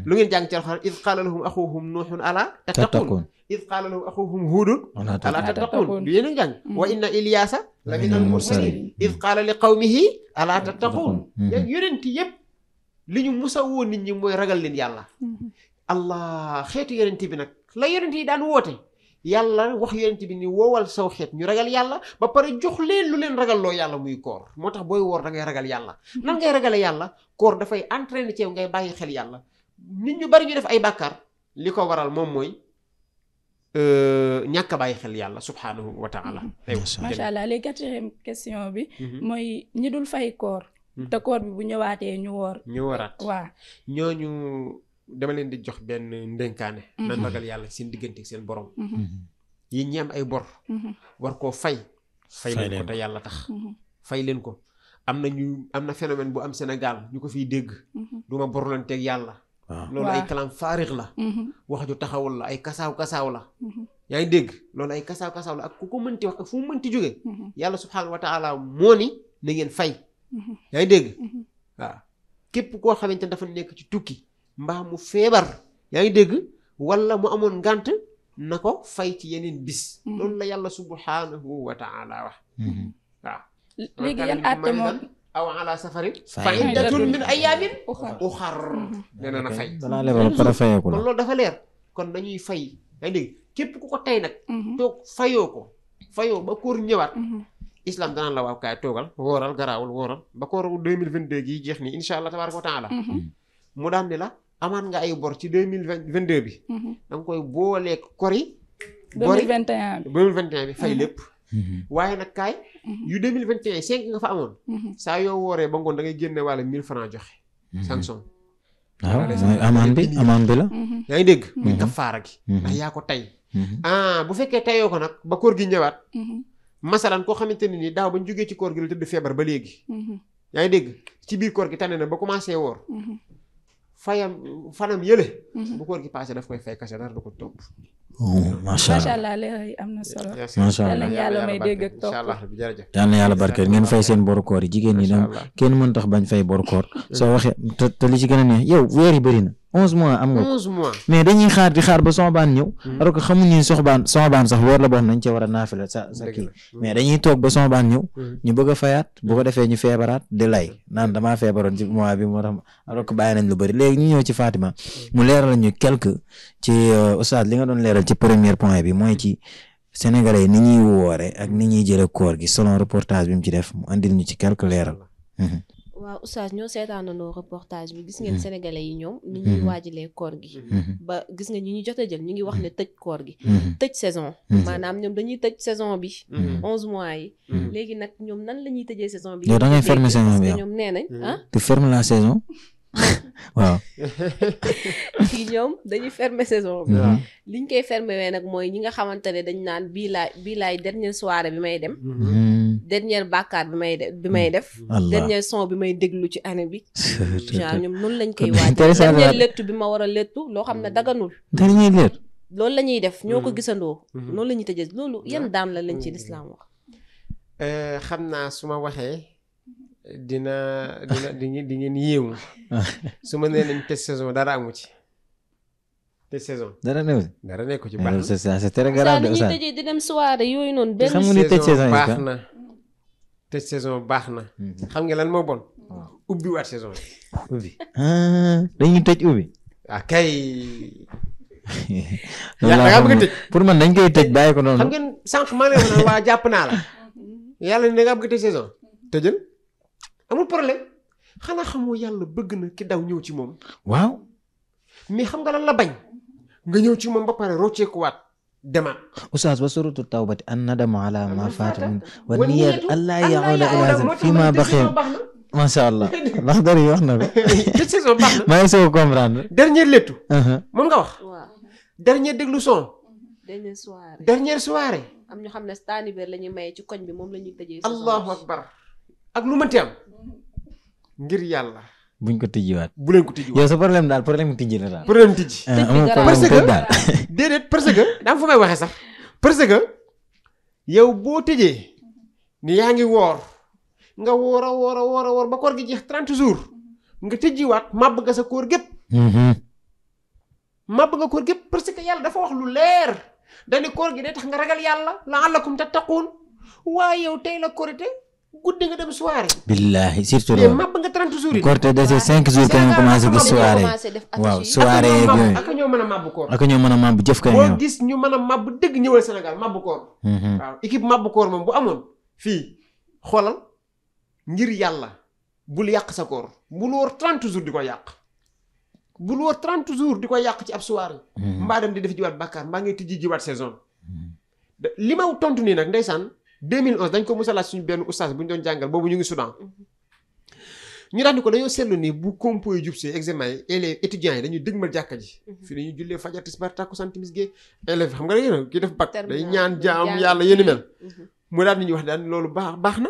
lu ngeen jàng ci alxuraan id qaala lahum axuhum nuuxun ala tattaqun id qaala lahum axuhum huudun ala tattaqun du yéen a jàng mm-hmm. wa inna ilyaasa la min al mursalin id qaala li qawmihi ala tattaqun yonent yëpp li ñu musa woon nit ñi mooy ragal leen yàlla allah xeetu yonent bi nag la yonent yi daan woote yàlla wax yonent bi ni woowal saw xeet ñu ragal yàlla ba pare jox leen lu leen ragal loo yàlla muy koor moo tax booy woor dangay ragal yàlla nan ngay ragale yàlla koor dafay entraîner ci yow ngay bàyyi xel yàlla nit ñu bari ñu def ay bàkkaar li ko waral moom mooy euh, ñàkk bàyyi xel yàlla subhaanahu wa taala mm-hmm. macha allah léegi quatrième question bi mm-hmm. mooy ñi dul fay koor mm-hmm. te koor bi bu ñëwaatee ñu woor ñu waraat dama leen di jox benn ndénkaane. nan mhm. ragal yàlla seen diggante seen borom. Mhm. Mhm. yi ñi am ay bor. war koo fay. fay leen ko te yàlla tax. fay leen ko am na ñu am na phénomène bu am Sénégal ñu ko fiy dégg. du ma borlanteeg yàlla. Ah. loolu ay kalam faarix la. wax ju taxawul la ay kasaaw kasaaw la. yaa ngi dégg loolu ay kasaaw kasaaw la ak ku ko mënti wax ak fu mu mënti jóge. yàlla subxanahu wa taala moo ni na fay. yaa dégg. waaw képp koo xamante ne dafa nekk ci tukki. mbaa mu feebar yaa ngi dégg wala mu amoon ngant na ko fay ci yeneen bis mm-hmm. loolu la yàlla subhanahu wa taala wax mm-hmm. waaw léegi yan àtte moom aw safari fa iddatun min ayaamin uxar nee mm-hmm. na na fay kon loolu dafa leer kon dañuy fay dégg képp ku ko tey nag toog fayoo ko fayoo ba koor ñëwaat islam danaan la waaw kaay toogal wooral garaawul wooral ba koor 2022 gii jeex nii insha allah tabaraka wa taala mu daan ne la amaat nga ay bor ci deux mille vingt deux bi. Mhm. da nga koy booleeg kori. bori 2021 bi 2021 bi fay mhm. lépp. Mhm. waaye nag kaay. yu 2021 cinq nga fa amoon. saa yoo wooree ba ngoon dangay ngay génne wàlla mille franc joxe. sanction. Ah, waaw mooy amaan bi amaan bi la. yaa ngi dégg. muy kafaara gi. ndax yaa ko tey. Ah, bu fekkee teyoo ko nag ba koor gi ñëwaat. masalan koo xamante ne nii daaw ba ñu jógee ci koor gi la tëdd feebar ba léegi. yaa ngi dégg ci biir koor gi tane na ba commencé woo fayam fanam yële. Mhm. bu koor gi paase daf koy fay kase dara du ko topp. Oh, allah leeral na solo. yàlla may dégg ak topp yal na yàlla barkeel ngeen fay seen boru yi jigéen ñi dem kenn mën tax bañ fay boru koor soo waxee te li ci gën a neex yow onze mois am nga onze mois mais dañuy xaar di xaar ba soxbaan ñëw hmm. alors que xamuñu soxbaan soxbaan sax woor la boo nañ ca war a naafila sa sa kii hmm. mais dañuy toog ba soxbaan ñëw hmm. ñu bëgg a fayaat bu ko defee ñu feebarat di lay naan damaa feebaroon ci mois bi moo tax alors bàyyi nañ lu bëri léegi ñu ñëw ci Fatima mu leeral ñu quelque ci euh, oustaz li nga doon leeral ci premier point bi mooy ci sénégalais yi ni ñuy woore ak ni ñuy jële koor gi selon reportage bi mu ci def mu andil ñu ci quelque leeral waaw oustaz ñoo seetaanandoo reportage bi gis ngeen hmm. sénégalais yi ñoom ni ñuy hmm. waajalee koor gi hmm. ba gis nga ñi ñu jot a jël ñu ngi wax ne tëj koor gi tëj saison maanaam ñoom dañuy tëj saison bi onze mois yi léegi nag ñoom nan la ñuy tëjee saison bi yow da ngay fermer saison bi ñoom nee nañ ah tu fermes la saison <laughs> <laughs> waaw. fii ñoom dañuy fermer saison bi. Mhm. li koy fermer wee nag mooy ñi nga xamante ne dañ naan bii laay bii laay dernière soirée bi may dem. Mhm. dernière bàkkaar bi may def bi may mhm. def. dernier son bi may déglu ci année bi. <laughs> genre ñoom noonu lañ koy waaj. dernier lettu bi ma war a lettu loo xam ne daganul. loolu la ñuy def ñoo ko gisandoo. loolu lañuy ñuy loolu yan daan la lañ ci lislaam wax. Euh, xam naa su ma waxee. dina dina di ngeen yéemu <laughs> su ma nee nañ saison dara amu ci saison. dara new dara nekk ci eh, baax na c'est très grave de Ousseyn di dem soirée yooyu noonu. benn saison baax na test saison baax na. Hmm. xam nga lan moo bon. ubbi waat saison bi. ubbi ah, dañuy tëj ubbi. ah kay. <laughs> yàlla nga tëj pour man dañ koy tëj bàyyi ko noonu. xam ngeen sànq maa ngi lay jàpp naa la. <laughs> yàlla ne da ngaa bëgg tëj saison hmm. tëjal. amul problème xanaa xamoo yàlla bëgg na ki daw ñëw ci moom. waaw. mais xam nga lan la bañ. nga ñëw ci moom ba pare rocceekuwaat demaat. Oustaz ba suratu tawbati an na ala ma faata wa niyat allah yaawda ila fi ma baxiya macha allah ndax dara yi na ko. <laughs> maa ngi soog comprendre. dernier lettu. Uh-huh. moom nga wax. waaw dernier déglu son. Mm-hmm. dernière soirée. dernière soirée. am ñoo xam ne taalibe la ñuy maye ci koñ bi moom la ñuy tëjee. allahu akbar ak lu mënti am ngir yàlla. buñ ko tijjiwaat. bu leen ko tijjiwaat yow sa problème daal problème tijji la daal. problème tijji. Ah, parce que <laughs> déedéet parce que daam fu may waxee sax parce que yow boo tëjee yaa ngi woor nga woor a woor a ba koor gi jeex 30 jours nga tëjjiwaat màbb nga sa koor gépp mm-hmm. màbb nga koor gépp parce que yàlla dafa wax lu leer dani koor gi day tax nga ragal yàlla la allakum tattaquun waaye yow tey la korite guddi nga dem soirée. billahi surtout loolu mais nga 30 jours yi. corté dese 5 jours kañ nga commencé ñoo mën a mabbu koor ak ñoo mën a mabbu jëf kañ boo gis ñu mën a mabbu dëgg ñëwal Sénégal mabbu koor. Mm-hmm. waaw équipe mabbu koor moom bu amoon fii xoolal ngir yàlla bul yàq sa koor bul wóor 30 jours di ko yàq. bul wóor 30 di ko yàq ci ab soirée. Mm-hmm. mbaa dem di def jiwaat bàkkaar mbaa ngay tijji jiwaat saison. Mm-hmm. li ma tontu nii nag ndeysaan. 2011 dañ ko musalaat suñu benn oustaz bu ñu doon jàngal boobu ñu ngi Soudan ñu daal ko dañoo seetlu ni bu compo yi jub see examen yi élèves étudiants yi dañuy dëgmal jàkka ji mhm. fii dañuy jullee fajar tisbaar takkusaan timis gee élèves xam nga yéen kii def bac day ñaan jaam yàlla yéeni mel mhm. mu daan ni ñu wax daal ni loolu baax baax na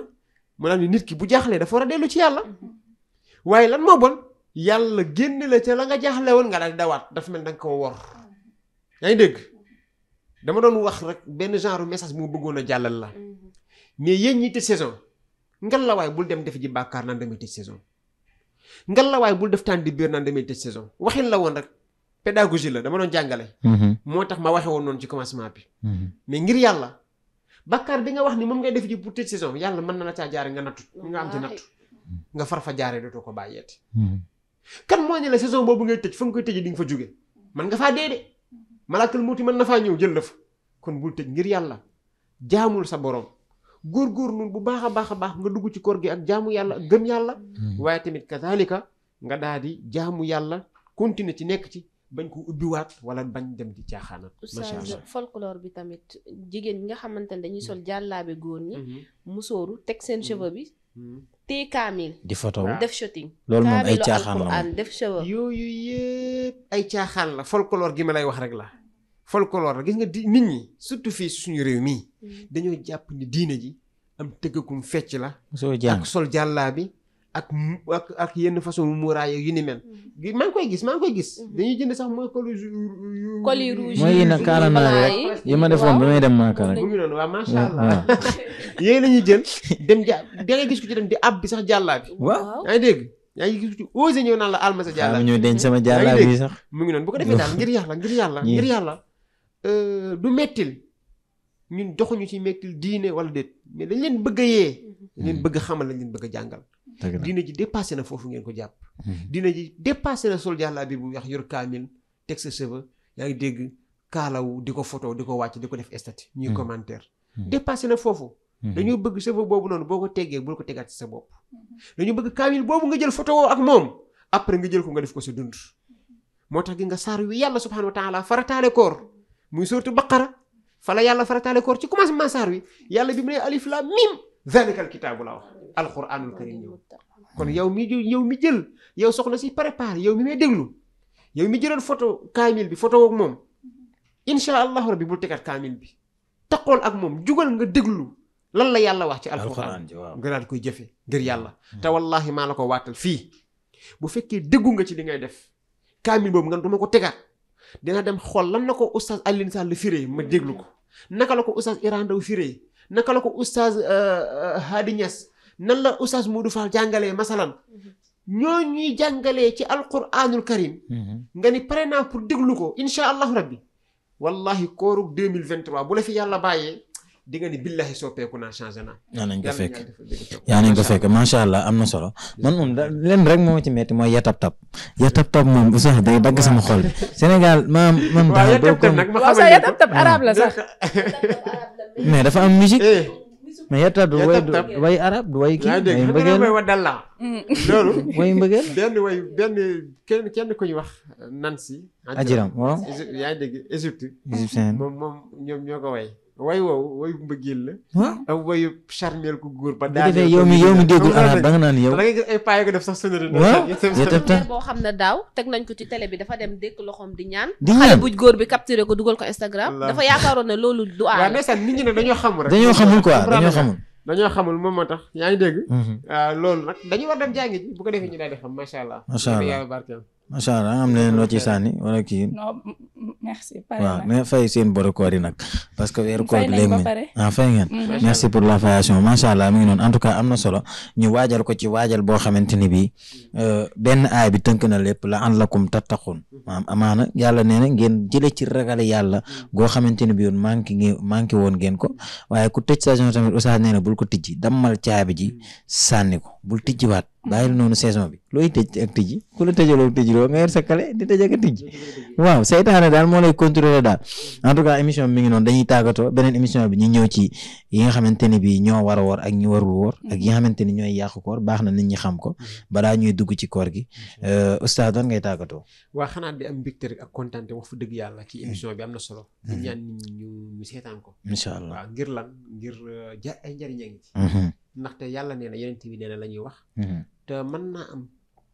mu daal nit ki bu jaaxlee dafa war a dellu ci yàlla mhm. waaye lan moo bon yàlla génn la ca la nga jaaxle woon nga daal di dawaat dafa mel da koo ko wor yaa ngi dégg dama doon wax rek benn genre message bu ma bëggoon a jàllal la mais yéen ñi tëj saison ngal la bul dem def ji bàkkaar naan damay tëj saison ngal la waay bul def tànn di biir naan damay tëj saison waxin la woon rek pédagogie la dama doon jàngale mhm. moo tax ma waxe woon noonu ci commencement bi mhm. mais ngir yàlla bàkkaar bi nga wax ni moom ngay def ji pour tëj saison yàlla mën na la caa jaare nga nattu nga am ci nattu nga far fa jaare jaaree dootoo ko bàyyeeti mhm. kan moo ne la saison boobu ngay tëj fa nga koy tëjee di nga fa moo mawti mën na faa ñëw jël la fa kon bul tëj ngir yàlla jaamul sa borom góor góorgóorlu bu baax a baax a baax nga dugg ci koor gi ak jaamu yàlla ak gëm yàlla. Hmm. waaye tamit kazaalika nga daal di jaamu yàlla continuer ci nekk ci. bañ ko ubbiwaat wala bañ dem di caaxaanal. macha allah folklore bi tamit jigéen ñi nga xamante ne dañuy sol jàllaabe góor ñi. Hmm. musóoru teg seen hmm. cheveux bi. téye kaamil. di fotow def shooting. loolu moom ay caaxaan la moom def show. yooyu yëpp ay caaxaan la folklore gi ma lay wax rek la folklore la gis nga di nit ñi surtout fii suñu réew mii. Mm. dañoo jàpp ni diine ji am tëggakum fecc la. soo jàng ak sol jàllaa bi. ak ak ak yenn façon muuraay yu ni mel. Mm-hmm. maa ngi koy gis maa ngi koy gis. Mm-hmm. dañuy jënd sax mooy col yu. col yu rouge mooy yi nag kaaranaare rek yi ma defoon ba may dem maaka rek. mu ngi noonu waaw macha allah. <laughs> yéen la jël dem da ngay gis ku ci dem di ab bi sax jàllaa bi. waaw yaa ngi la alma sa jàllaa bi. sama jàllaa bi sax. mu ngi noonu bu ko defee daal ngir yàlla ngir yàlla ngir yàlla. Euh, du mettil ñun joxuñu ci mekkil diine wala déet mais dañ leen bëgg yee. Mhm. dañ leen bëgg a xamal dañ bëgg a jàngal. diine ji dépassé na foofu ngeen ko jàpp. Mhm. diine ji dépassé na sol jàllaa bi bu wax yor kaamil teg sa cheveux yaa ngi dégg kaalawu di ko photo di ko wàcc di ko def statut ñuy mhm. commentaire. dépassé na foofu. dañoo bëgg cheveux boobu noonu boo ko teggee bul ko tegaat ci sa bopp. dañoo bëgg kaamil boobu nga jël photo ak moom après nga jël ko nga def ko sa dund. moo tax gi nga saar wi yàlla subhanahu wa taala farataale koor muy sourate baqara fa yàlla farataale koor ci commencement saar wi yàlla bi mu ne alif laam miim zalikal kitaabu laa wax alquranul karim ñëw kon yow mi yow mi jël yow soxna si prépare yow mi may déglu yow mi jëloon foto kaamil bi photo ak moom incha allahu tegaat kaamil bi taqool ak moom jugal nga déglu lan la yàlla wax ci alquran nga koy jëfe ngir yàlla hmm. te wallahi maa la ko waatal fii bu fekkee déggu nga ci li ngay def kaamil boobu nga duma ko tegaat dina dem xool lan na ko oustaz alline Sall firee ma déglu ko naka la ko oustaz Iran Ndaw firee naka la ko oustaz euh, euh, Hadi Niass nan la oustaz Modou Fall jàngalee masalan ñoo ñuy jàngalee ci alquranul karim mhm. nga ni pare naa pour déglu ko incha allahu rabbi wallahi koorug 2023 bu la fi yàlla bàyyee di nga ni billahi soppeeku naa changé yaa nañ ko fekk yaa nañ ko fekk macha allah am na solo man moom leen rek moo ci metti mooy yatab tab yatab tab moom Oustaz day dagg sama xol bi Sénégal ma man. waaw yatab tab nag ma xamal waaw yatab tab arabe la sax. <laughs> mais dafa am musique. Eh. mais yatab du way du way arabe du way kii. yaa ngi dégg Mm. loolu. mooy <laughs> mbëggeel benn way benn kenn kenn ku ñuy wax Nancy. Adjiram waaw yaa ngi dégg Égypte. égyptien moom moom ñoom ñoo ko way. way woowu wayu mbëggeel la. ak wayu charmeel ku góor ba. daa defee yow mi naan yow. da ngay gis ay paa ko def sax sonore. <laughs> xam ne daaw teg nañ ko ci télé bi dafa dem dékk loxoom di ñaan. di ñaan xale bu góor bi capturé ko dugal ko Instagram. dafa yaakaaroon ne loolu du aar. waaw ndeysaan nit ñi ne dañoo xamul rek. dañoo xamul dañoo xamul. dañoo xamul moom moo tax yaa ngi dégg. Mhm. Euh, loolu nag dañu war dem jàngi ji bu ko defee ñu daal di xam macha allah. macha allah macha allah am na loo ci sànni wala kii. non waaw mais fay seen boru koor yi nag. parce que weeru koor bi léegi ah, fay ngeen. Mm, merci pour la fayation macha allah mi ngi noonu en tout cas am na solo ñu waajal ko ci waajal boo xamante ni bii euh, benn aay bi tënk na lépp la an lakum tattaqun maam amaana yàlla nee na ngeen jëlee ci ragale yàlla goo xamante ni bii yoon manqué ngeen manqué woon ngeen ko waaye ku tëj saison tamit Oustaz nee na bul ko tijji dammal caabi ji sànni ko bul tijjiwaat. bàyyil noonu saison bi looy tëj ak tëjji ku la tëjaloo tëjloo nga yor sa moo lay contrôler daal en tout cas émission mi ngi noonu dañuy tàggatoo beneen émission bi ñu ñëw ci yi nga xamante ni bi ñoo war a ak ñu warul woor ak xamante ni ñooy yàqu koor baax na nit ñi xam ko balaa ñuy dugg ci koor gi euh, oustaz doon ngay tàggatoo waa xanaa di am mbégte rek a kontaan wax fu dëgg yàlla ci émission bi am na solo hmm. di ñaan nit ñi ko incha allah ngir lan ngir euh, ja ay njëriñ a ngi ci hmm. ndaxte yàlla nee na yonent la ñuy wax hmm. te man naa am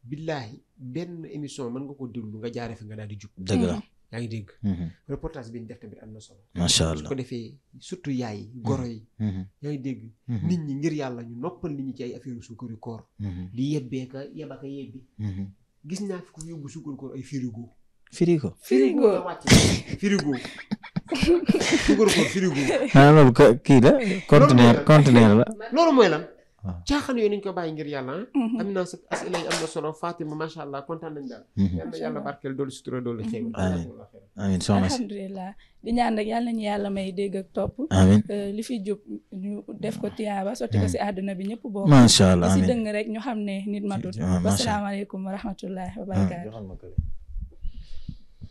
billaahi benn émission mën nga ko déglu nga jaaree fi nga daal di jub. dëgg la yaa ngi dégg. Mm-hmm. reportage bi ñu def tamit am na solo. macha allah ko defee surtout yaay goro yi. Mm-hmm. yaa ngi dégg. Mm-hmm. nit ñi ngir yàlla ñu noppal nit ñi ci ay affaire suukaru koor. di yebbee ka yeb ak yebbi. gis naa fi ku yóbbu suukaru koor ay firigo. firigo firigo firigo. <laughs> suukaru koor firigo. ah loolu kii la conteneur conteneur la. loolu mooy lan. Ah. caaxaan yooyu nañ ko bàyyi ngir yàlla ah. mhm. am naa sa asila yi solo Fatima macha allah kontaan nañ daal mhm. yal mhm. na yàlla barkeel di ñaan rek yàlla nañu yàlla may dégg topp euh, li fi jub ñu def ko tiyaaba sotti ko si àdduna bi ñëpp boo macha allah si dëng rek ñu xam ne nit matut wasalaamaaleykum wa rahmatullahi wa ah. barakatu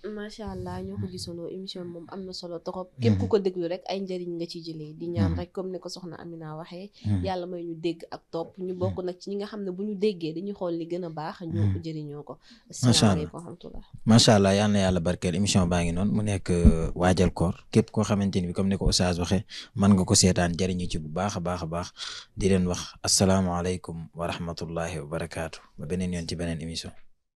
macha allah ñoo ko mm-hmm. gisandoo émission moom am na solo trop. képp ko mm-hmm. ko déglu rek ay njëriñ nga ci jëlee di ñaam mm-hmm. rek comme ne ko soxna Amina waxee. yàlla may ñu dégg ak topp ñu bokk nag ci ñi nga xam ne bu ñu déggee dañuy xool li gën a baax. ñoo ko jëriñoo ko. macha allah macha na yàlla barkeel émission baa ngi noonu mu nekk euh, waajal koor képp koo xamante ni bi comme ni ko Oustaz waxee nga ko seetaan jëriñu ci bu baax a baax a baax di leen wax asalaamaaleykum wa rahmatullahi wa barakaatu ba beneen yoon ci beneen émission